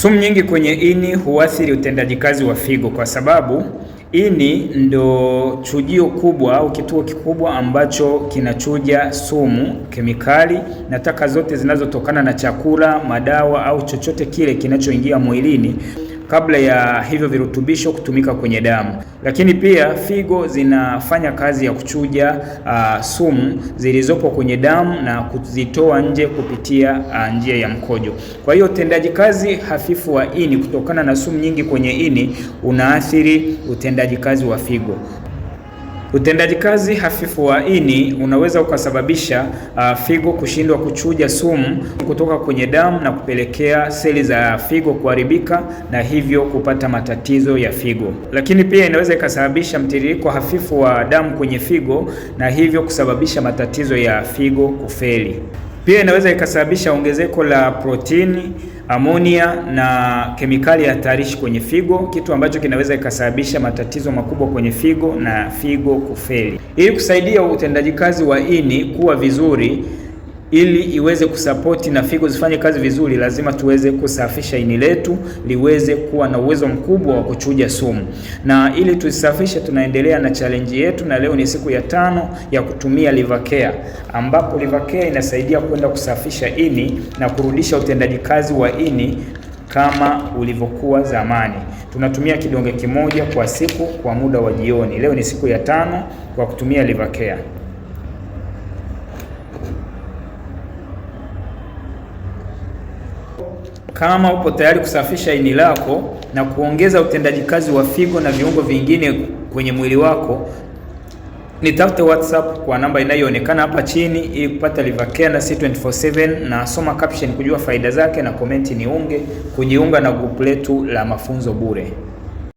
Sumu nyingi kwenye ini huathiri utendaji kazi wa figo kwa sababu ini ndo chujio kubwa au kituo kikubwa ambacho kinachuja sumu, kemikali na taka zote zinazotokana na chakula, madawa au chochote kile kinachoingia mwilini kabla ya hivyo virutubisho kutumika kwenye damu. Lakini pia figo zinafanya kazi ya kuchuja uh, sumu zilizopo kwenye damu na kuzitoa nje kupitia uh, njia ya mkojo. Kwa hiyo utendaji kazi hafifu wa ini kutokana na sumu nyingi kwenye ini unaathiri utendaji kazi wa figo. Utendaji kazi hafifu wa ini unaweza ukasababisha uh, figo kushindwa kuchuja sumu kutoka kwenye damu na kupelekea seli za figo kuharibika na hivyo kupata matatizo ya figo. Lakini pia inaweza ikasababisha mtiririko hafifu wa damu kwenye figo na hivyo kusababisha matatizo ya figo kufeli. Pia inaweza ikasababisha ongezeko la protini, amonia na kemikali ya hatarishi kwenye figo, kitu ambacho kinaweza ikasababisha matatizo makubwa kwenye figo na figo kufeli. Ili kusaidia utendaji kazi wa ini kuwa vizuri ili iweze kusapoti na figo zifanye kazi vizuri, lazima tuweze kusafisha ini letu liweze kuwa na uwezo mkubwa wa kuchuja sumu, na ili tuisafishe, tunaendelea na challenge yetu, na leo ni siku ya tano ya kutumia liver care, ambapo liver care inasaidia kwenda kusafisha ini na kurudisha utendaji kazi wa ini kama ulivyokuwa zamani. Tunatumia kidonge kimoja kwa siku kwa muda wa jioni. Leo ni siku ya tano kwa kutumia liver care. Kama upo tayari kusafisha ini lako na kuongeza utendaji kazi wa figo na viungo vingine kwenye mwili wako, nitafute WhatsApp kwa namba inayoonekana hapa chini ili kupata Livercare na C24/7 na soma caption kujua faida zake na komenti niunge kujiunga na grupu letu la mafunzo bure.